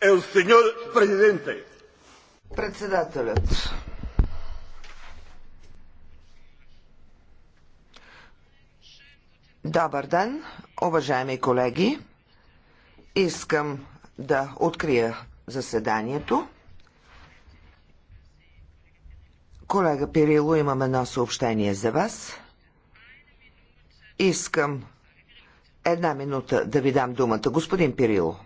El señor президенте. Председателят. Добър ден, уважаеми колеги. Искам да открия заседанието. Колега Пирило, имам едно съобщение за вас. Искам една минута да ви дам думата. Господин Пирило.